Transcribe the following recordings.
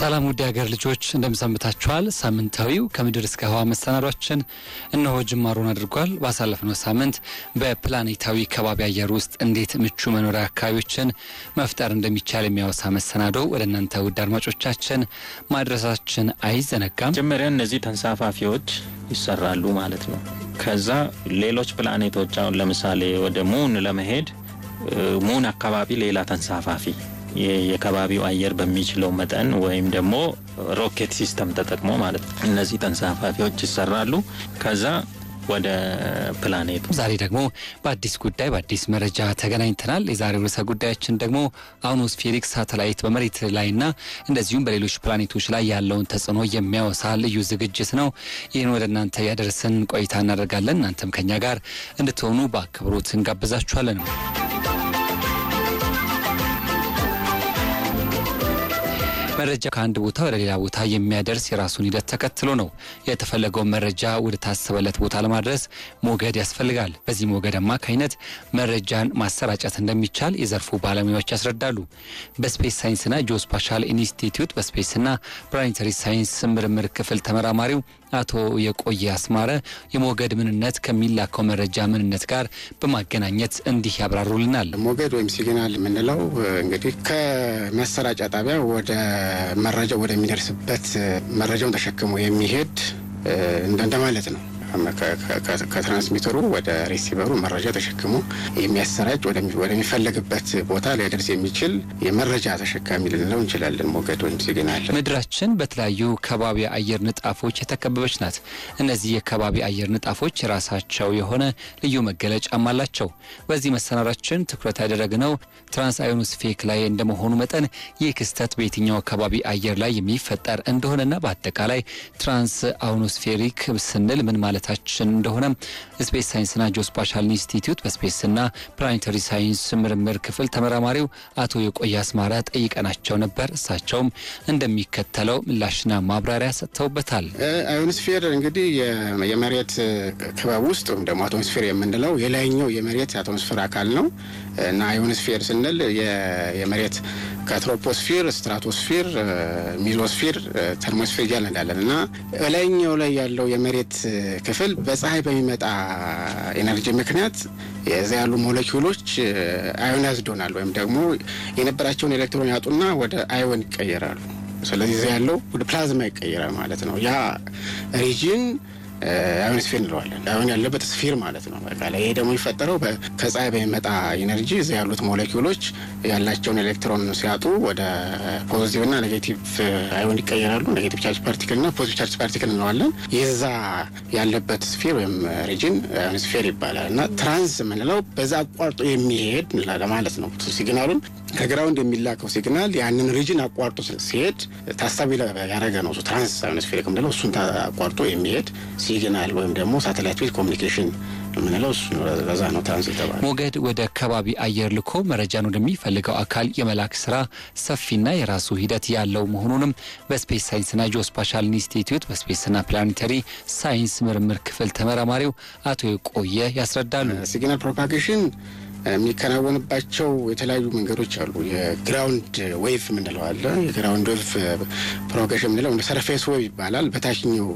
ሰላም ውድ ሀገር ልጆች እንደምሰንብታችኋል። ሳምንታዊው ከምድር እስከ ህዋ መሰናዷችን እነሆ ጅማሮን አድርጓል። ባሳለፍነው ሳምንት በፕላኔታዊ ከባቢ አየር ውስጥ እንዴት ምቹ መኖሪያ አካባቢዎችን መፍጠር እንደሚቻል የሚያወሳ መሰናዶ ወደ እናንተ ውድ አድማጮቻችን ማድረሳችን አይዘነጋም። መጀመሪያ እነዚህ ተንሳፋፊዎች ይሰራሉ ማለት ነው። ከዛ ሌሎች ፕላኔቶች አሁን ለምሳሌ ወደ ሙን ለመሄድ ሙን አካባቢ ሌላ ተንሳፋፊ የከባቢው አየር በሚችለው መጠን ወይም ደግሞ ሮኬት ሲስተም ተጠቅሞ ማለት ነው። እነዚህ ተንሳፋፊዎች ይሰራሉ ከዛ ወደ ፕላኔቱ። ዛሬ ደግሞ በአዲስ ጉዳይ በአዲስ መረጃ ተገናኝተናል። የዛሬው ርዕሰ ጉዳያችን ደግሞ አኖስፌሪክ ሳተላይት በመሬት ላይና እንደዚሁም በሌሎች ፕላኔቶች ላይ ያለውን ተጽዕኖ የሚያወሳ ልዩ ዝግጅት ነው። ይህን ወደ እናንተ ያደርስን ቆይታ እናደርጋለን። እናንተም ከኛ ጋር እንድትሆኑ በአክብሮት እንጋብዛችኋለን። መረጃ ከአንድ ቦታ ወደ ሌላ ቦታ የሚያደርስ የራሱን ሂደት ተከትሎ ነው። የተፈለገውን መረጃ ወደ ታሰበለት ቦታ ለማድረስ ሞገድ ያስፈልጋል። በዚህ ሞገድ አማካኝነት መረጃን ማሰራጨት እንደሚቻል የዘርፉ ባለሙያዎች ያስረዳሉ። በስፔስ ሳይንስና ጂኦስፓሻል ኢንስቲትዩት በስፔስና ፕላኔተሪ ሳይንስ ምርምር ክፍል ተመራማሪው አቶ የቆየ አስማረ የሞገድ ምንነት ከሚላከው መረጃ ምንነት ጋር በማገናኘት እንዲህ ያብራሩልናል። ሞገድ ወይም ሲግናል የምንለው እንግዲህ ከመሰራጫ ጣቢያ ወደ መረጃው ወደሚደርስበት መረጃውን ተሸክሞ የሚሄድ እንደማለት ነው። ከትራንስሚተሩ ወደ ሪሲቨሩ መረጃ ተሸክሞ የሚያሰራጭ ወደሚፈለግበት ቦታ ሊያደርስ የሚችል የመረጃ ተሸካሚ ልንለው እንችላለን ሞገድ ወይም ሲግናል። ምድራችን በተለያዩ ከባቢ አየር ንጣፎች የተከበበች ናት። እነዚህ የከባቢ አየር ንጣፎች ራሳቸው የሆነ ልዩ መገለጫም አላቸው። በዚህ መሰናራችን ትኩረት ያደረግነው ትራንስ አዮኖስፌክ ላይ እንደመሆኑ መጠን ይህ ክስተት በየትኛው ከባቢ አየር ላይ የሚፈጠር እንደሆነና በአጠቃላይ ትራንስ አዮኖስፌሪክ ስንል ምን ማለት ዝግጅታችን እንደሆነ ስፔስ ሳይንስና ጂኦስፓሻል ኢንስቲትዩት በስፔስና ፕላኔታሪ ሳይንስ ምርምር ክፍል ተመራማሪው አቶ የቆየ አስማረ ጠይቀናቸው ነበር። እሳቸውም እንደሚከተለው ምላሽና ማብራሪያ ሰጥተውበታል። አዮንስፌር እንግዲህ የመሬት ክበብ ውስጥ ወይም ደግሞ አቶሞስፌር የምንለው የላይኛው የመሬት አቶሞስፌር አካል ነው። እና አዮንስፌር ስንል የመሬት ከትሮፖስፌር፣ ስትራቶስፌር፣ ሚዞስፌር፣ ተርሞስፌር እያለ እንዳለን እና እላይኛው ላይ ያለው የመሬት ክፍል በፀሐይ በሚመጣ ኤነርጂ ምክንያት የዛ ያሉ ሞለኪውሎች አዮን ያዝዶናል ወይም ደግሞ የነበራቸውን ኤሌክትሮን ያጡና ወደ አዮን ይቀየራሉ። ስለዚህ እዛ ያለው ወደ ፕላዝማ ይቀየራል ማለት ነው ያ ሪጂን ስፌር እንለዋለን። አሁን ያለበት ስፌር ማለት ነው። በቃ ላይ ይሄ ደግሞ የሚፈጠረው ከፀሐይ በሚመጣ ኤነርጂ እዚ ያሉት ሞለኪውሎች ያላቸውን ኤሌክትሮን ሲያጡ ወደ ፖዚቲቭ ና ኔጌቲቭ አይሆን ይቀየራሉ። ኔጌቲቭ ቻርጅ ና ፖዚቲቭ ቻርጅ ፓርቲክል እንለዋለን። የዛ ያለበት ስፌር ወይም ሪጅን ስፌር ይባላል እና ትራንስ የምንለው በዛ አቋርጦ የሚሄድ ለማለት ነው ሲግናሉን ከግራውንድ የሚላከው ሲግናል ያንን ሪጅን አቋርጦ ሲሄድ ታሳቢ ያደረገ ነው። ትራንስ ሳይኖስፌሪክ የምንለው እሱን አቋርጦ የሚሄድ ሲግናል ወይም ደግሞ ሳተላይት ቤት ኮሚኒኬሽን የምንለው እሱ ለዛ ነው ትራንስ የተባለ። ሞገድ ወደ ከባቢ አየር ልኮ መረጃን ወደሚፈልገው አካል የመላክ ስራ ሰፊና የራሱ ሂደት ያለው መሆኑንም በስፔስ ሳይንስና ጂኦስፓሻል ኢንስቲትዩት በስፔስና ፕላኔተሪ ሳይንስ ምርምር ክፍል ተመራማሪው አቶ የቆየ ያስረዳሉ። ሲግናል ፕሮፓጌሽን የሚከናወንባቸው የተለያዩ መንገዶች አሉ። የግራውንድ ዌቭ የምንለው አለ። የግራውንድ ዌቭ ፕሮፓጌሽን የምንለው ሰርፌስ ዌቭ ይባላል። በታችኛው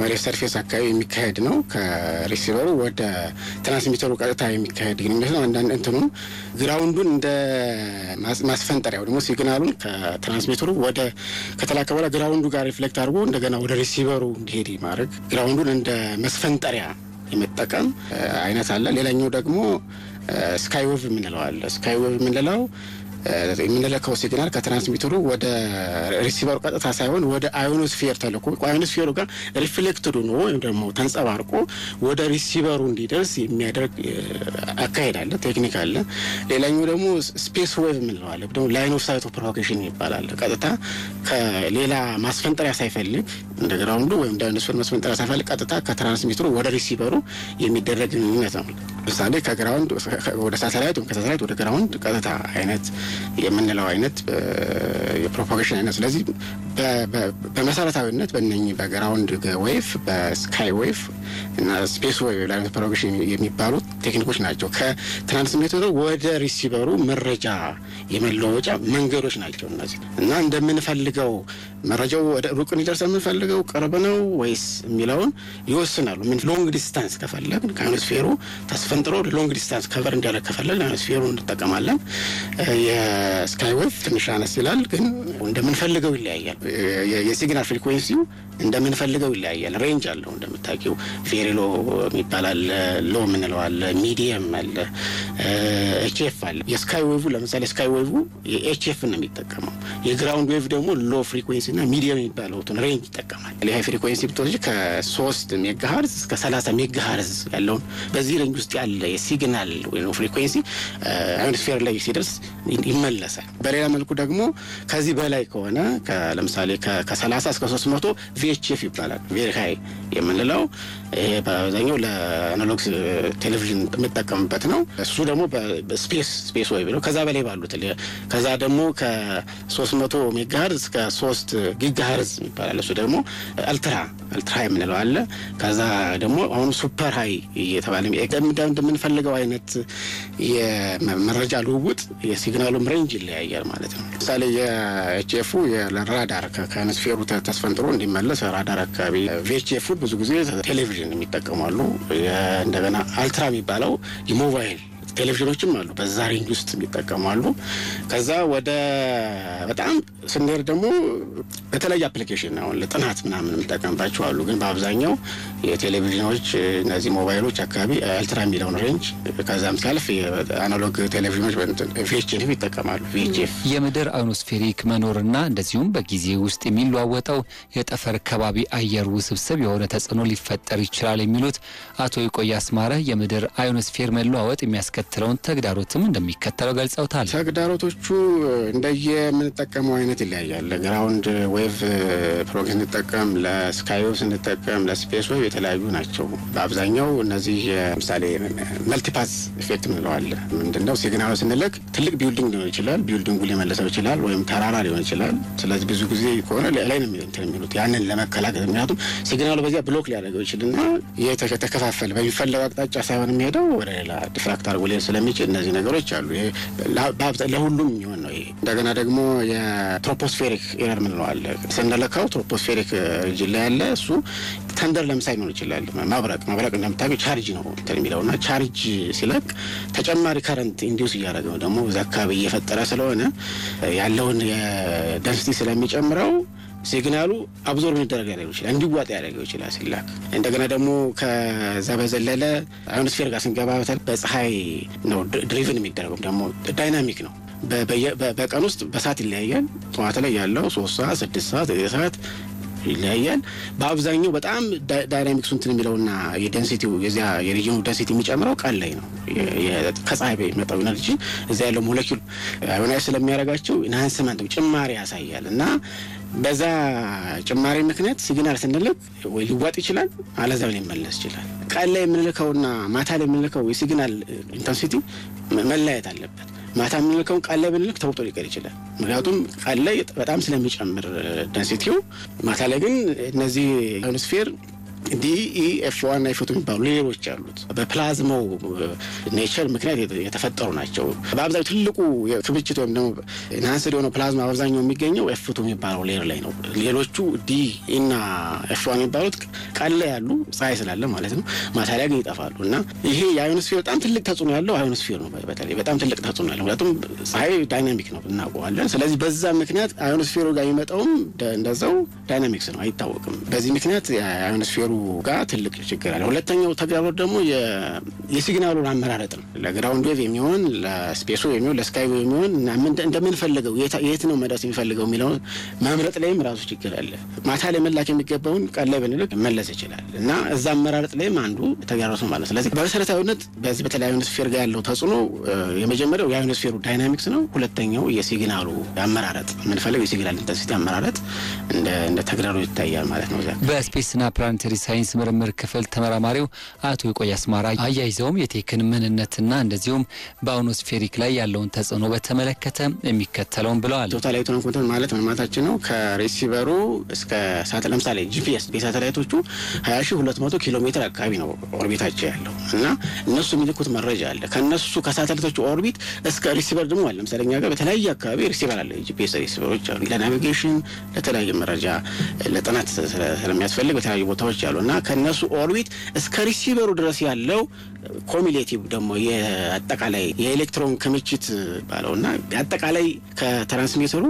መሬት ሰርፌስ አካባቢ የሚካሄድ ነው። ከሪሲቨሩ ወደ ትራንስሚተሩ ቀጥታ የሚካሄድ ግንኙነት ነው። አንዳንድ እንትኑም ግራውንዱን እንደ ማስፈንጠሪያው ደግሞ ሲግናሉን ከትራንስሚተሩ ወደ ከተላከ በኋላ ግራውንዱ ጋር ሪፍሌክት አድርጎ እንደገና ወደ ሪሲቨሩ እንዲሄድ ማድረግ ግራውንዱን እንደ መስፈንጠሪያ የመጠቀም አይነት አለ። ሌላኛው ደግሞ ስካይዌቭ የምንለው አለ። ስካይዌቭ የምንለው የምንለከው ሲግናል ከትራንስሚተሩ ወደ ሪሲቨሩ ቀጥታ ሳይሆን ወደ አዮኖስፌር ተልኮ አዮኖስፌሩ ጋር ሪፍሌክትድ ሆኖ ወይም ደግሞ ተንጸባርቆ ወደ ሪሲቨሩ እንዲደርስ የሚያደርግ አካሄድ አለ፣ ቴክኒክ አለ። ሌላኛው ደግሞ ስፔስ ዌቭ የምንለዋለ ደግሞ ላይን ኦፍ ሳይት ኦፍ ፕሮፓጌሽን ይባላል። ቀጥታ ከሌላ ማስፈንጠሪያ ሳይፈልግ እንደ ግራውንዱ ወይም ዳይኖስፌር ማስፈንጠሪያ ሳይፈልግ ቀጥታ ከትራንስሚተሩ ወደ ሪሲቨሩ የሚደረግ ግንኙነት ነው። ምሳሌ ከግራውንድ ወደ ሳተላይት ወይም ከሳተላይት ወደ ግራውንድ ቀጥታ አይነት የምንለው አይነት የፕሮፓጌሽን አይነት ስለዚህ በመሰረታዊነት በእነኚህ በግራውንድ ዌቭ፣ በስካይ ዌቭ እና ስፔስ ዌቭ ላይነት ፕሮግሽን የሚባሉ ቴክኒኮች ናቸው። ከትራንስሚተሩ ወደ ሪሲቨሩ መረጃ የመለወጫ መንገዶች ናቸው እነዚህ እና እንደምንፈልገው መረጃው ወደ ሩቅ እንዲደርስ የምንፈልገው ቅርብ ነው ወይስ የሚለውን ይወስናሉ። ምን ሎንግ ዲስታንስ ከፈለግ ከአኖስፌሩ ተስፈንጥሮ ሎንግ ዲስታንስ ከቨር እንዲያደርግ ከፈለግ አኖስፌሩ እንጠቀማለን። የስካይ ዌቭ ትንሽ አነስ ይላል፣ ግን እንደምንፈልገው ይለያያል። የሲግናል ፍሪኩዌንሲው እንደምንፈልገው ይለያያል። ሬንጅ አለው እንደምታውቂው፣ ፌሬሎ የሚባል አለ፣ ሎ የምንለው አለ፣ ሚዲየም አለ፣ ኤችኤፍ አለ። የስካይ ዌቭ ለምሳሌ ስካይ ዌቭ የኤችኤፍ ነው የሚጠቀመው። የግራውንድ ዌቭ ደግሞ ሎ ፍሪኩዌንሲ እና ሚዲየም የሚባለውን ሬንጅ ይጠቀማል። ይህ ፍሪኩዌንሲ ብትወስጂ ከሶስት ሜጋሃርዝ እስከ ሰላሳ ሜጋሃርዝ ያለውን በዚህ ሬንጅ ውስጥ ያለ የሲግናል ወይም ፍሪኩዌንሲ አዮኖስፌር ላይ ሲደርስ ይመለሳል። በሌላ መልኩ ደግሞ ከዚህ በላይ ከሆነ ለምሳሌ ከ30 እስከ 300 ቪኤችኤፍ ይባላል። ቬሪ የምንለው ይሄ በአብዛኛው ለአናሎግ ቴሌቪዥን የምጠቀምበት ነው። እሱ ደግሞ ስፔስ ስፔስ ወይ ብለው ከዛ በላይ ባሉት ከዛ ደግሞ ከ300 ሜጋሃርዝ እስከ 3 ጊጋሃርዝ ይባላል። እሱ ደግሞ አልትራ አልትራ የምንለው አለ። ከዛ ደግሞ አሁን ሱፐር ሀይ እየተባለ እንደምንፈልገው አይነት የመረጃ ልውውጥ የሲግናሉም ሬንጅ ይለያያል ማለት ነው። ለምሳሌ የኤችኤፉ ለራዳር ከአትሞስፌሩ ተስፈንጥሮ እንዲመለስ ራዳር አካባቢ ቪኤችኤፉ ብዙ ጊዜ ቴሌቪዥን የሚጠቀማሉ። እንደገና አልትራ የሚባለው የሞባይል ቴሌቪዥኖችም አሉ፣ በዛ ሬንጅ ውስጥ የሚጠቀሙ ከዛ ወደ በጣም ስንሄድ ደግሞ በተለያየ አፕሊኬሽን አሁን ለጥናት ምናምን የምጠቀምባቸው አሉ። ግን በአብዛኛው የቴሌቪዥኖች እነዚህ ሞባይሎች አካባቢ አልትራ የሚለውን ሬንጅ ከዛም ሲያልፍ አናሎግ ቴሌቪዥኖች ቪኤችኤፍ ይጠቀማሉ። ቪኤችኤፍ የምድር አኖስፌሪክ መኖርና እንደዚሁም በጊዜ ውስጥ የሚለዋወጠው የጠፈር ከባቢ አየር ውስብስብ የሆነ ተጽዕኖ ሊፈጠር ይችላል የሚሉት አቶ ይቆያ አስማረ የምድር አዮኖስፌር መለዋወጥ የሚያስከ የሚያስከትለውን ተግዳሮትም እንደሚከተለው ገልጸውታል። ተግዳሮቶቹ እንደየ የምንጠቀመው አይነት ይለያያል። ለግራውንድ ዌቭ ፕሮግ ስንጠቀም፣ ለስካይ ዌቭ ስንጠቀም፣ ለስፔስ ዌቭ የተለያዩ ናቸው። በአብዛኛው እነዚህ ምሳሌ መልቲፓስ ኢፌክት ምንለዋል። ምንድነው ሲግናሉ ስንልክ ትልቅ ቢውልዲንግ ሊሆን ይችላል፣ ቢውልዲንጉ ሊመለሰው ይችላል፣ ወይም ተራራ ሊሆን ይችላል። ስለዚህ ብዙ ጊዜ ከሆነ ላይ ነው የሚሉት ያንን ለመከላከል ምክንያቱም ሲግናሉ በዚያ ብሎክ ሊያደርገው ይችልና ተከፋፈለ በሚፈለገው አቅጣጫ ሳይሆን የሚሄደው ወደ ሌላ ዲፍራክት አድርጎ ስለሚችል እነዚህ ነገሮች አሉ። ለሁሉም የሚሆን ነው። ይሄ እንደገና ደግሞ የትሮፖስፌሪክ ኤረር ምንለዋለ ስንለካው ትሮፖስፌሪክ ሪጅን ላይ ያለ እሱ ተንደር ለምሳሌ ሊሆን ይችላል። ማብረቅ ማብረቅ እንደምታውቀው ቻርጅ ነው የሚለው እና ቻርጅ ሲለቅ ተጨማሪ ከረንት ኢንዲውስ እያደረገ ነው ደግሞ እዛ አካባቢ እየፈጠረ ስለሆነ ያለውን የደንስቲ ስለሚጨምረው ሲግናሉ አብዞር ሊደረግ ያደረገው ይችላል፣ እንዲዋጥ ያደረገው ይችላል ሲላክ። እንደገና ደግሞ ከዛ በዘለለ አዮኖስፌር ጋር ስንገባ በፀሐይ ነው ድሪቭን የሚደረገው ደግሞ ዳይናሚክ ነው። በቀን ውስጥ በሰዓት ይለያያል። ጠዋት ላይ ያለው ሶስት ሰዓት፣ ስድስት ሰዓት፣ ዘጠኝ ሰዓት ይለያያል። በአብዛኛው በጣም ዳይናሚክሱ እንትን የሚለውና የደንሲቲው የዚያ የሪጅኑ ደንሲቲ የሚጨምረው ቀን ላይ ነው። ከፀሐይ የሚመጣው ኤነርጂ እዚያ ያለው ሞለኪል አዮናይዝ ስለሚያደረጋቸው ኢንሃንስመንት ጭማሪ ያሳያል እና በዛ ጭማሪ ምክንያት ሲግናል ስንልክ ወይ ሊዋጥ ይችላል፣ አለዛው ሊመለስ ይችላል። ቀን ላይ የምንልከውና ማታ ላይ የምንልከው የሲግናል ኢንተንሲቲ መለያየት አለበት። ማታ የምንልከውን ቀን ላይ ብንልክ ተውጦ ሊቀር ይችላል። ምክንያቱም ቀን ላይ በጣም ስለሚጨምር ደንሲቲው፣ ማታ ላይ ግን እነዚህ ሄሚስፌር ዲኢኤፍ1 እና ኤፍ የሚባሉ ሌሎች አሉት። በፕላዝሞ ኔቸር ምክንያት የተፈጠሩ ናቸው። በአብዛኛው ትልቁ ክምችት ወይም ደግሞ ናንስድ የሆነው ፕላዝማ በአብዛኛው የሚገኘው ኤፍቱ የሚባለው ሌር ላይ ነው። ሌሎቹ ዲ እና ኤፍ የሚባሉት ቀለ ያሉ ፀሐይ ስላለ ማለት ነው። ማታ ግን ይጠፋሉ እና ይሄ የአዮኖስፌር በጣም ትልቅ ተጽዕኖ ያለው አዮኖስፌር ነው። በተለይ በጣም ትልቅ ተጽዕኖ ያለው ምክንያቱም ፀሐይ ዳይናሚክ ነው እናውቀዋለን። ስለዚህ በዛ ምክንያት አዮኖስፌሩ ጋር የሚመጣውም እንደዛው ዳይናሚክስ ነው፣ አይታወቅም። በዚህ ምክንያት አዮኖስፌሩ ጋር ትልቅ ችግር አለ። ሁለተኛው ተግዳሮት ደግሞ የሲግናሉን አመራረጥ ነው። ለግራውንድ ዌቭ የሚሆን ለስፔሱ የሚሆን ለስካይ ዌቭ የሚሆን እንደምንፈልገው የት ነው መድረስ የሚፈልገው የሚለው መምረጥ ላይም ራሱ ችግር አለ። ማታ ላይ መላክ የሚገባውን ቀን ላይ ብንልክ መለስ ይችላል እና እዛ አመራረጥ ላይም አንዱ ተግዳሮት ነው ማለት ስለዚህ በመሰረታዊነት በዚህ በተለይ አዮኖስፌር ጋር ያለው ተጽዕኖ የመጀመሪያው የአዮኖስፌሩ ዳይናሚክስ ነው። ሁለተኛው የሲግናሉ አመራረጥ የምንፈልገው የሲግናል ኢንተንሲቲ አመራረጥ እንደ ተግዳሮት ይታያል ማለት ነው። በስፔስና ፕላኔተሪ ሳይንስ ምርምር ክፍል ተመራማሪው አቶ የቆየ አስማራ አያይዘውም የቴክን ምንነትና እንደዚሁም በአውኖስፌሪክ ላይ ያለውን ተጽዕኖ በተመለከተ የሚከተለውን ብለዋል። ቶታላይቱ ኮንተንት ማለት ምን ማለታችን ነው? ከሬሲቨሩ እስከ ሳተ ለምሳሌ ጂፒኤስ የሳተላይቶቹ 2200 ኪሎ ሜትር አካባቢ ነው ኦርቢታቸው ያለው እና እነሱ የሚልኩት መረጃ አለ። ከነሱ ከሳተላይቶቹ ኦርቢት እስከ ሪሲቨር ደግሞ አለ። ለምሳሌ እኛ ጋር በተለያየ አካባቢ ሪሲቨር አለ። ጂፒኤስ ሪሲቨሮች አሉ። ለናቪጌሽን፣ ለተለያየ መረጃ ለጥናት ስለሚያስፈልግ በተለያዩ ቦታዎች ያሉ ይባላሉ እና ከነሱ ኦርቢት እስከ ሪሲቨሩ ድረስ ያለው ኮሚሌቲቭ ደግሞ የአጠቃላይ የኤሌክትሮን ክምችት ባለው እና አጠቃላይ ከትራንስሚተሩ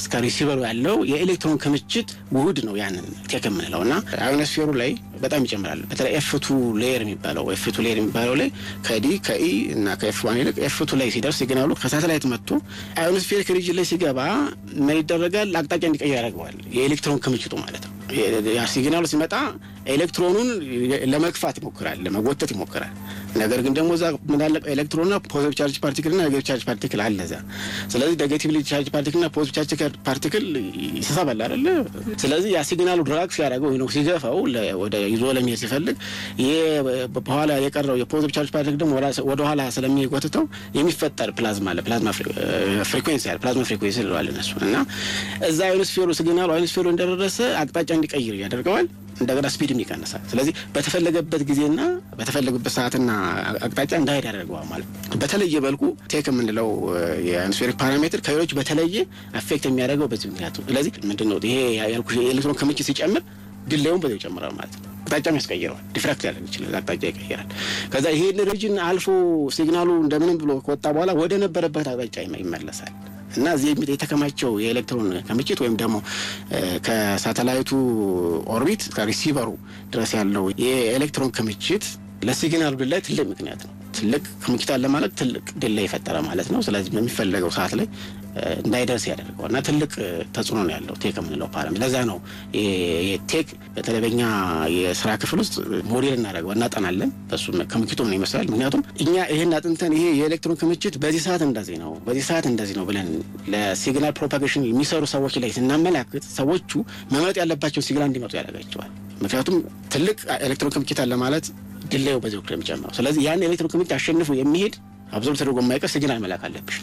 እስከ ሪሲቨሩ ያለው የኤሌክትሮን ክምችት ውህድ ነው። ያንን ቴክ የምንለው እና አዮኖስፌሩ ላይ በጣም ይጨምራል። በተለይ ኤፍቱ ሌየር የሚባለው ኤፍቱ ሌየር የሚባለው ላይ ከዲ ከኢ እና ከኤፍ ዋን ይልቅ ኤፍቱ ላይ ሲደርስ ይገናሉ። ከሳተላይት መጥቶ አዮኖስፌሪክ ሪጅ ላይ ሲገባ ምን ይደረጋል? አቅጣጫ እንዲቀይር ያደርገዋል። የኤሌክትሮን ክምችቱ ማለት ነው። ሲግናሉ ሲመጣ ኤሌክትሮኑን ለመግፋት ይሞክራል፣ ለመጎተት ይሞክራል። ነገር ግን ደግሞ እዛ ምናለ ኤሌክትሮንና ፖዘቲቭ ቻርጅ ፓርቲክልና ኔጌቲቭ ቻርጅ ፓርቲክል አለ እዛ። ስለዚህ ኔጌቲቭ ቻርጅ ፓርቲክልና ፖዘቲቭ ቻርጅ ፓርቲክል ይሰሳበል አይደለ? ስለዚህ ያ ሲግናሉ ድራግ ሲያደርገው ወይ ሲገፋው ወደ ይዞ ለሚሄድ ሲፈልግ ይሄ በኋላ የቀረው የፖዘቲቭ ቻርጅ ፓርቲክል ደግሞ ወደ ኋላ ስለሚጎትተው የሚፈጠር ፕላዝማ አለ። ፕላዝማ ፍሪኩዌንሲ አለ። ፕላዝማ ፍሪኩዌንሲ ይለዋል እነሱ እና እዛ አይኖስፌሩ ሲግናሉ አይኖስፌሩ እንደደረሰ አቅጣጫ እንዲቀይር ያደርገዋል። እንደገና ስፒድም ይቀንሳል። ስለዚህ በተፈለገበት ጊዜና በተፈለገበት ሰዓትና አቅጣጫ እንዳሄድ ያደርገዋል ማለት ነው። በተለየ መልኩ ቴክ የምንለው የአትሞስፌሪክ ፓራሜትር ከሌሎች በተለየ አፌክት የሚያደርገው በዚህ ምክንያቱ። ስለዚህ ምንድነው ይሄ ያልኩሽ የኤሌክትሮን ክምችት ሲጨምር ድሌውን በዚያው ይጨምራል ማለት ነው። አቅጣጫም ያስቀይረዋል። ዲፍራክት ያደርግ ይችላል፣ አቅጣጫ ይቀይራል። ከዛ ይሄን ሪጅን አልፎ ሲግናሉ እንደምንም ብሎ ከወጣ በኋላ ወደ ነበረበት አቅጣጫ ይመለሳል። እና እዚህ የተከማቸው የኤሌክትሮን ክምችት ወይም ደግሞ ከሳተላይቱ ኦርቢት ከሪሲቨሩ ድረስ ያለው የኤሌክትሮን ክምችት ለሲግናል ብላይ ትልቅ ምክንያት ነው። ትልቅ ክምችት አለ ማለት ትልቅ ድል ይፈጠረ ማለት ነው። ስለዚህ በሚፈለገው ሰዓት ላይ እንዳይደርስ ያደርገዋል እና ትልቅ ተጽዕኖ ነው ያለው ቴክ የምንለው ፓራሜትር። ለዛ ነው ቴክ በተለይ በኛ የስራ ክፍል ውስጥ ሞዴል እናደርገው እናጠናለን። በሱ ከምኪቶ ምን ይመስላል። ምክንያቱም እኛ ይህን አጥንተን ይሄ የኤሌክትሮን ክምችት በዚህ ሰዓት እንደዚህ ነው፣ በዚህ ሰዓት እንደዚህ ነው ብለን ለሲግናል ፕሮፓጌሽን የሚሰሩ ሰዎች ላይ ስናመላክት ሰዎቹ መመጥ ያለባቸውን ሲግናል እንዲመጡ ያደረጋቸዋል ምክንያቱም ትልቅ ኤሌክትሮን ክምችት አለ ማለት ድለዩ በዚህ የሚጨምረው ስለዚህ ያን ኤሌክትሮን ክምችት አሸንፎ የሚሄድ አብዞም ተደርጎ የማይቀር ሲግናል መላክ አለብሽ።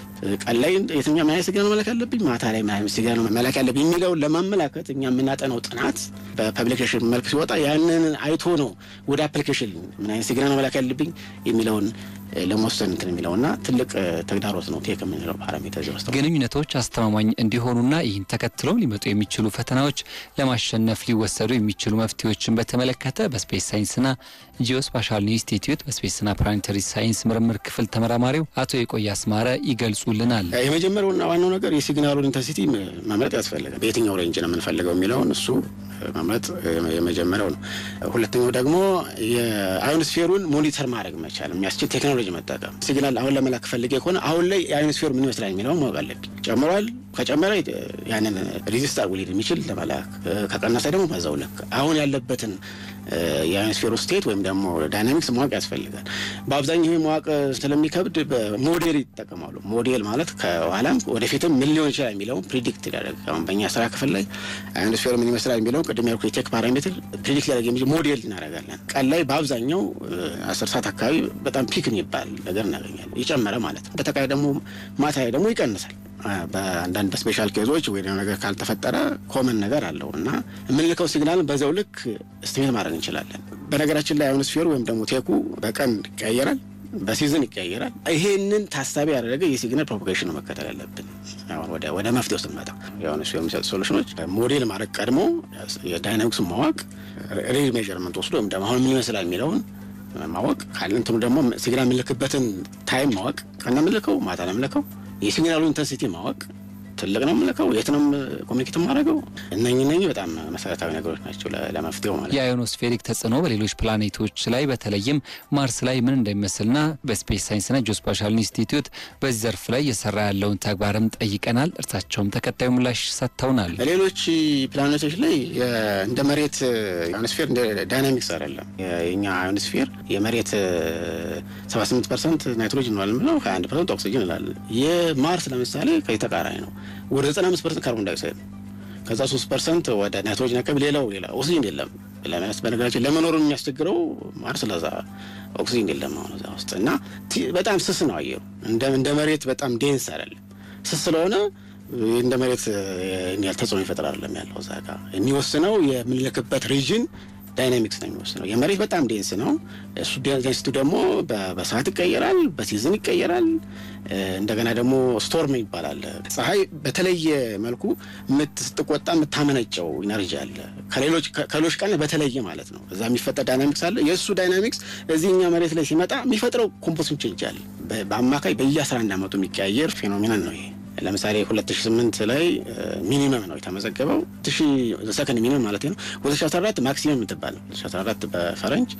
ቀን ላይ የትኛው ምን አይነት ሲግናል መላክ አለብኝ፣ ማታ ላይ ምን አይነት ሲግናል መላክ አለብኝ የሚለውን ለማመላከት እኛ የምናጠነው ጥናት በፐብሊኬሽን መልክ ሲወጣ ያንን አይቶ ነው ወደ አፕሊኬሽን ምን አይነት ሲግናል መላክ አለብኝ የሚለውን ለመወሰን እንትን የሚለው እና ትልቅ ተግዳሮት ነው። ቴክ የምንለው ፓራሜትር ውስጥ ግንኙነቶች አስተማማኝ እንዲሆኑና ይህን ተከትለው ሊመጡ የሚችሉ ፈተናዎች ለማሸነፍ ሊወሰዱ የሚችሉ መፍትሄዎችን በተመለከተ በስፔስ ሳይንስና ጂኦስፓሻል ኢንስቲትዩት በስፔስና ፕላኔተሪ ሳይንስ ምርምር ክፍል ተመራማሪው አቶ የቆየ አስማረ ይገልጹልናል። የመጀመሪያውና ዋናው ነገር የሲግናሉን ኢንተንሲቲ መምረጥ ያስፈልጋል። በየትኛው ሬንጅ ነው የምንፈልገው የሚለውን እሱ መምረጥ የመጀመሪያው ነው። ሁለተኛው ደግሞ የአዮንስፌሩን ሞኒተር ማድረግ መቻል የሚያስችል ቴክኖሎጂ ቴክኖሎጂ መጠቀም ሲግናል አሁን ለመላክ ፈልጌ ከሆነ አሁን ላይ የአይኖስፌር ምን ይመስላል የሚለውን ማወቅ አለብኝ። ጨምሯል ከጨመረ ያንን ሪዚስት አርጎ ሊሄድ የሚችል ለመላክ ከቀነሰ ደግሞ በዛው ልክ አሁን ያለበትን የአዮኖስፌር ስቴት ወይም ደግሞ ዳይናሚክስ ማወቅ ያስፈልጋል። በአብዛኛው ማወቅ ስለሚከብድ በሞዴል ይጠቀማሉ። ሞዴል ማለት ከኋላም ወደፊትም ምን ሊሆን ይችላል የሚለውን ፕሪዲክት ሊያደርግ አሁን በእኛ ስራ ክፍል ላይ አዮኖስፌር ምን ይመስላል የሚለውን ቅድም ያልኩ የቴክ ፓራሜትር ፕሪዲክት ሊያደርግ የሚችል ሞዴል እናደርጋለን። ቀን ላይ በአብዛኛው አስር ሰዓት አካባቢ በጣም ፒክ የሚባል ነገር እናገኛለን። የጨመረ ማለት ነው። በተቃይ ደግሞ ማታ ላይ ደግሞ ይቀንሳል። በአንዳንድ ስፔሻል ኬዞች ወይ ነገር ካልተፈጠረ ኮመን ነገር አለው እና የምንልከው ሲግናል በዛው ልክ ስቲሜት ማድረግ እንችላለን። በነገራችን ላይ አዮኖስፌሩ ወይም ደግሞ ቴኩ በቀን ይቀያየራል፣ በሲዝን ይቀያየራል። ይሄንን ታሳቢ ያደረገ የሲግናል ፕሮፓጌሽን ነው መከተል ያለብን። አሁን ወደ መፍትሄው ስንመጣ የአዮኖስፌሩ የሚሰጡ ሶሉሽኖች ሞዴል ማድረግ ቀድሞ የዳይናሚክሱን ማወቅ ሬድ ሜዥርመንት ወስዶ ወይም ደግሞ አሁን ምን ይመስላል የሚለውን ማወቅ ካለ ደግሞ ሲግናል የምልክበትን ታይም ማወቅ ቀን ነው የምንልከው ማታ ነው የምንልከው E se o aluno está a sentir mal, ትልቅ ነው የምልከው፣ የት ነው ኮሚኒኬት የማደርገው? እነኝ ነኝ በጣም መሰረታዊ ነገሮች ናቸው ለመፍትሄው ማለት። የአዮኖስፌሪክ ተጽዕኖ በሌሎች ፕላኔቶች ላይ በተለይም ማርስ ላይ ምን እንደሚመስልና በስፔስ ሳይንስና ጂኦስፓሻል ኢንስቲትዩት በዚህ ዘርፍ ላይ የሰራ ያለውን ተግባርም ጠይቀናል። እርሳቸውም ተከታዩ ምላሽ ሰጥተውናል። ሌሎች ፕላኔቶች ላይ እንደ መሬት አዮኖስፌር እንደ ዳይናሚክስ አይደለም። የኛ አዮኖስፌር የመሬት 78 ፐርሰንት ናይትሮጅን ማለት ነው፣ 21 ፐርሰንት ኦክሲጅን ይላል። የማርስ ለምሳሌ ከዚህ ተቃራኒ ነው። ወደ 95 ፐርሰንት ካርቦን ዳይኦክሳይድ ነው። ከዛ 3 ፐርሰንት ወደ ናይትሮጅን አካባቢ፣ ሌላው ሌላ ኦክሲጅን የለም። በነገራችን ለመኖር የሚያስቸግረው ማር ስለዛ ኦክሲጅን የለም አሁን እዛ ውስጥ እና በጣም ስስ ነው አየሩ እንደ መሬት በጣም ዴንስ አይደለም። ስስ ስለሆነ እንደ መሬት ያህል ተጽዕኖ ይፈጥራል ያለው እዛ ጋር የሚወስነው የምንለክበት ሪጅን ዳይናሚክስ ነው የሚወስነው። የመሬት በጣም ዴንስ ነው። እሱ ዴንስቱ ደግሞ በሰዓት ይቀየራል፣ በሲዝን ይቀየራል። እንደገና ደግሞ ስቶርም ይባላል። ፀሐይ በተለየ መልኩ ስትቆጣ የምታመነጨው ኢነርጂ አለ ከሌሎች ቀን በተለየ ማለት ነው። እዛ የሚፈጠር ዳይናሚክስ አለ። የእሱ ዳይናሚክስ እዚህ እኛ መሬት ላይ ሲመጣ የሚፈጥረው ኮምፖዚሽን ቼንጅ አለ። በአማካይ በየ11 ዓመቱ የሚቀያየር ፌኖሜናል ነው ይሄ። ለምሳሌ 2008 ላይ ሚኒመም ነው የተመዘገበው ሰከንድ ሚኒመም ማለት ነው። 2014 ማክሲመም የምትባል 2014 በፈረንጅ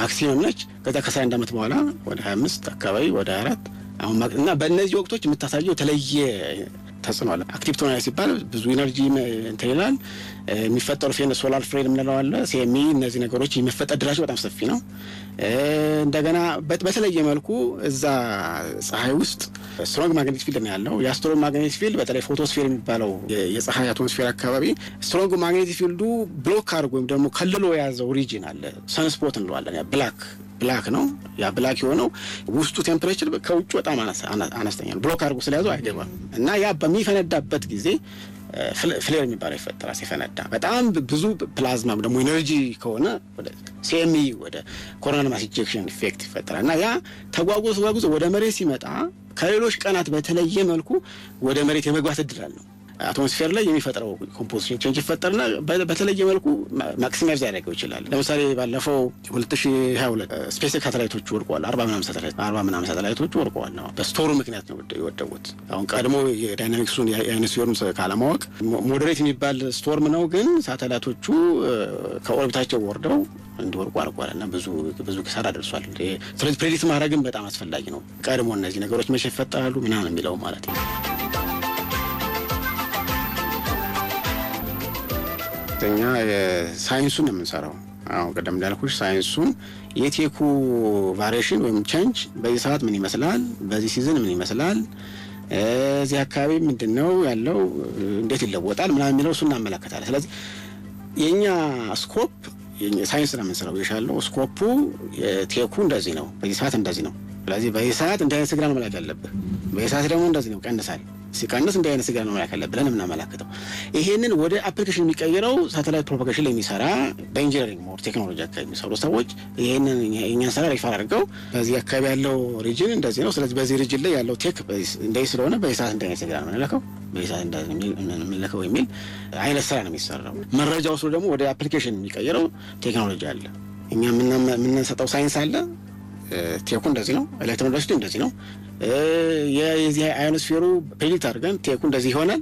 ማክሲመም ነች። ከዛ ከ21 ዓመት በኋላ ወደ 25 አካባቢ ወደ 24 አሁን እና በእነዚህ ወቅቶች የምታሳየው የተለየ ተጽዕኖ አለ። አክቲቭ ትሆናለህ ሲባል ብዙ ኢነርጂ እንትን ይላል። የሚፈጠሩ ፌን ሶላር ፍሬን የምንለው አለ ሴሚ እነዚህ ነገሮች የመፈጠር ድራቸው በጣም ሰፊ ነው። እንደገና በተለየ መልኩ እዛ ፀሐይ ውስጥ ስትሮንግ ማግኔት ፊልድ ነው ያለው። የአስትሮንግ ማግኔት ፊልድ በተለይ ፎቶስፌር የሚባለው የፀሐይ አቶሞስፌር አካባቢ ስትሮንግ ማግኔት ፊልዱ ብሎክ አድርጎ ወይም ደግሞ ከልሎ የያዘው ሪጅን አለ። ሰንስፖት እንለዋለን ብላክ ብላክ ነው። ያ ብላክ የሆነው ውስጡ ቴምፕሬቸር ከውጭ በጣም አነስተኛ ብሎክ አድርጎ ስለያዘው አይገባም እና ያ በሚፈነዳበት ጊዜ ፍሌር የሚባለው ይፈጠራል። ሲፈነዳ በጣም ብዙ ፕላዝማ ደግሞ ኢነርጂ ከሆነ ወደ ሲኤምኢ e ወደ ኮሮና ማስ ኢንጀክሽን ኢፌክት ይፈጠራል እና ያ ተጓጉዞ ተጓጉዞ ወደ መሬት ሲመጣ ከሌሎች ቀናት በተለየ መልኩ ወደ መሬት የመግባት እድል አለው። አትሞስፌር ላይ የሚፈጥረው ኮምፖዚሽን ቼንጅ ይፈጠርና በተለየ መልኩ ማክሲማይዝ ሊያደርገው ይችላል። ለምሳሌ ባለፈው 2022 ስፔስ ሳተላይቶቹ ወድቀዋል። አርባ ምናምን ሳተላይት አርባ ምናምን ሳተላይቶች ወድቀዋል ነው በስቶሩ ምክንያት ነው የወደቁት። አሁን ቀድሞ የዳይናሚክሱን የአይነስፌሩን ካለማወቅ ሞዴሬት የሚባል ስቶርም ነው፣ ግን ሳተላይቶቹ ከኦርቢታቸው ወርደው እንዲወርቁ አድርጓል እና ብዙ ብዙ ኪሳራ ደርሷል። ስለዚህ ፕሬዲክት ማድረግም በጣም አስፈላጊ ነው። ቀድሞ እነዚህ ነገሮች መቼ ይፈጠራሉ ምናምን የሚለው ማለት ነው። ሁለተኛ ሳይንሱን የምንሰራው አሁን ቀደም እንዳልኩሽ ሳይንሱን የቴኩ ቫሪሽን ወይም ቸንጅ በዚህ ሰዓት ምን ይመስላል፣ በዚህ ሲዝን ምን ይመስላል፣ እዚህ አካባቢ ምንድን ነው ያለው፣ እንዴት ይለወጣል ምናምን የሚለው እሱ እናመለከታለን። ስለዚህ የእኛ ስኮፕ ሳይንስ ነው የምንሰራው ይሻለው ስኮፑ የቴኩ እንደዚህ ነው፣ በዚህ ሰዓት እንደዚህ ነው። ስለዚህ በዚህ ሰዓት እንደ ስግራ መብላት ያለብህ፣ በዚህ ሰዓት ደግሞ እንደዚህ ነው ቀንሳል ሲቀንስ እንደ አይነት ስጋ ነው መላክ ያለብን ብለን የምናመላክተው። ይሄንን ወደ አፕሊኬሽን የሚቀይረው ሳተላይት ፕሮፓጌሽን ላይ የሚሰራ በኢንጂነሪንግ ሞር ቴክኖሎጂ አካባቢ የሚሰሩ ሰዎች ይሄንን የእኛን ስራ ሪፈር አድርገው በዚህ አካባቢ ያለው ሪጅን እንደዚህ ነው፣ ስለዚህ በዚህ ሪጅን ላይ ያለው ቴክ እንደዚህ ስለሆነ በሰዓት እንደ አይነት ስጋ ነው የምንለከው በሰዓት የምንለከው የሚል አይነት ስራ ነው የሚሰራው። መረጃ ወስዶ ደግሞ ወደ አፕሊኬሽን የሚቀይረው ቴክኖሎጂ አለ። እኛ የምንሰጠው ሳይንስ አለ። ቴኩ እንደዚህ ነው፣ ኤሌክትሮኒክስ እንደዚህ ነው የዚህ አዮኖስፌሩ ፔሊት አድርገን ቴኩ እንደዚህ ይሆናል።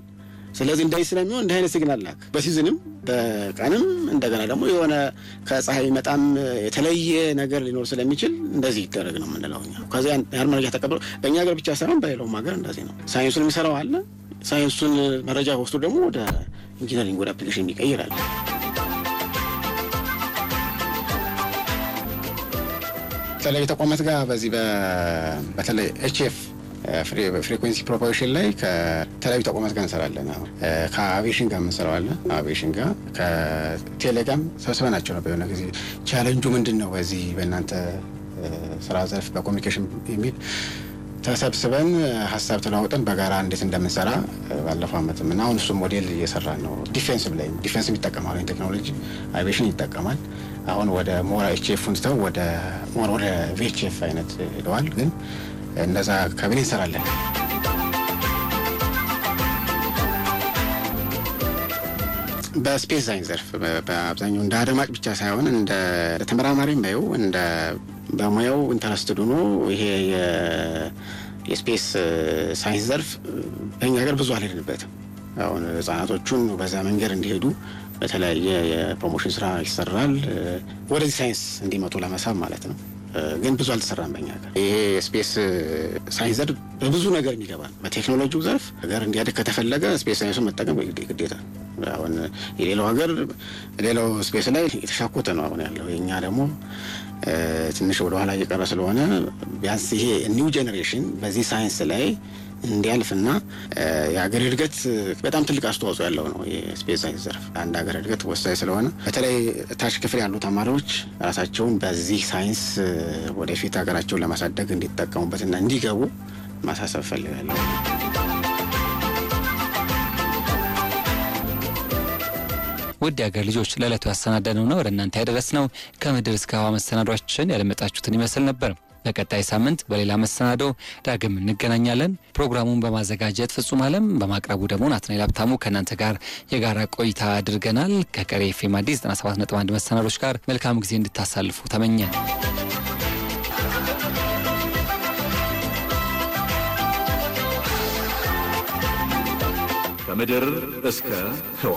ስለዚህ እንደዚህ ስለሚሆን እንደ አይነት ሲግናል ላክ በሲዝንም በቀንም እንደገና ደግሞ የሆነ ከፀሐይ መጣም የተለየ ነገር ሊኖር ስለሚችል እንደዚህ ይደረግ ነው የምንለው ከዚ ያን መረጃ ተቀብሎ በእኛ ሀገር ብቻ ሳይሆን በሌላውም ሀገር እንደዚህ ነው። ሳይንሱን የሚሰራው አለ። ሳይንሱን መረጃ ወስዶ ደግሞ ወደ ኢንጂነሪንግ ወደ አፕሊኬሽን ይቀይራል። ከተለያዩ ተቋማት ጋር በዚህ በተለይ ኤችኤፍ ፍሪኩንሲ ፕሮፓጌሽን ላይ ከተለያዩ ተቋማት ጋር እንሰራለን። ከአቪዬሽን ጋር እንሰራዋለን። አቪዬሽን ጋር ከቴሌጋም ሰብስበናቸው ነበር። የሆነ ጊዜ ቻለንጁ ምንድን ነው በዚህ በእናንተ ስራ ዘርፍ በኮሚኒኬሽን የሚል ተሰብስበን ሀሳብ ተለዋውጠን በጋራ እንዴት እንደምንሰራ ባለፈው አመትም እና አሁን እሱም ሞዴል እየሰራ ነው። ዲፌንስም ላይ ዲፌንስም ይጠቀማል ቴክኖሎጂ አቪዬሽን ይጠቀማል። አሁን ወደ ሞራ ኤችኤፍን ትተው ወደ ሞራ ወደ ቪኤችኤፍ አይነት ሄደዋል። ግን እነዛ ካቢኔ እንሰራለን። በስፔስ ዛይን ዘርፍ በአብዛኛው እንደ አድማጭ ብቻ ሳይሆን እንደ ተመራማሪም በይው እንደ በሙያው ኢንተረስትድ ሆኖ ይሄ የስፔስ ሳይንስ ዘርፍ በእኛ ሀገር ብዙ አልሄድንበትም። አሁን ህጻናቶቹን በዛ መንገድ እንዲሄዱ በተለያየ የፕሮሞሽን ስራ ይሰራል። ወደዚህ ሳይንስ እንዲመጡ ለመሳብ ማለት ነው። ግን ብዙ አልተሰራም በኛ ጋር ይሄ ስፔስ ሳይንስ ዘርፍ በብዙ ነገር የሚገባ በቴክኖሎጂው ዘርፍ ሀገር እንዲያድግ ከተፈለገ ስፔስ ሳይንሱን መጠቀም ግዴታ። አሁን የሌላው ሀገር ሌላው ስፔስ ላይ የተሻኮተ ነው አሁን ያለው የእኛ ደግሞ ትንሽ ወደኋላ እየቀረ ስለሆነ ቢያንስ ይሄ ኒው ጄኔሬሽን በዚህ ሳይንስ ላይ እንዲያልፍና የሀገር እድገት በጣም ትልቅ አስተዋጽኦ ያለው ነው። የስፔስ ሳይንስ ዘርፍ አንድ ሀገር እድገት ወሳኝ ስለሆነ በተለይ ታች ክፍል ያሉ ተማሪዎች ራሳቸውን በዚህ ሳይንስ ወደፊት ሀገራቸውን ለማሳደግ እንዲጠቀሙበትና እንዲገቡ ማሳሰብ ፈልጋለሁ። ውድ የሀገር ልጆች ለዕለቱ ያሰናደነው ነው ወደ እናንተ ነው። ከምድር እስከ ህዋ መሰናዷችን ያደመጣችሁትን ይመስል ነበር። በቀጣይ ሳምንት በሌላ መሰናዶ ዳግም እንገናኛለን። ፕሮግራሙን በማዘጋጀት ፍጹም አለም፣ በማቅረቡ ደግሞ ናትናኤል ሀብታሙ ከእናንተ ጋር የጋራ ቆይታ አድርገናል። ከቀሬ ኤፍኤም አዲስ 97.1 መሰናዶች ጋር መልካም ጊዜ እንድታሳልፉ ተመኘን። ከምድር እስከ ህዋ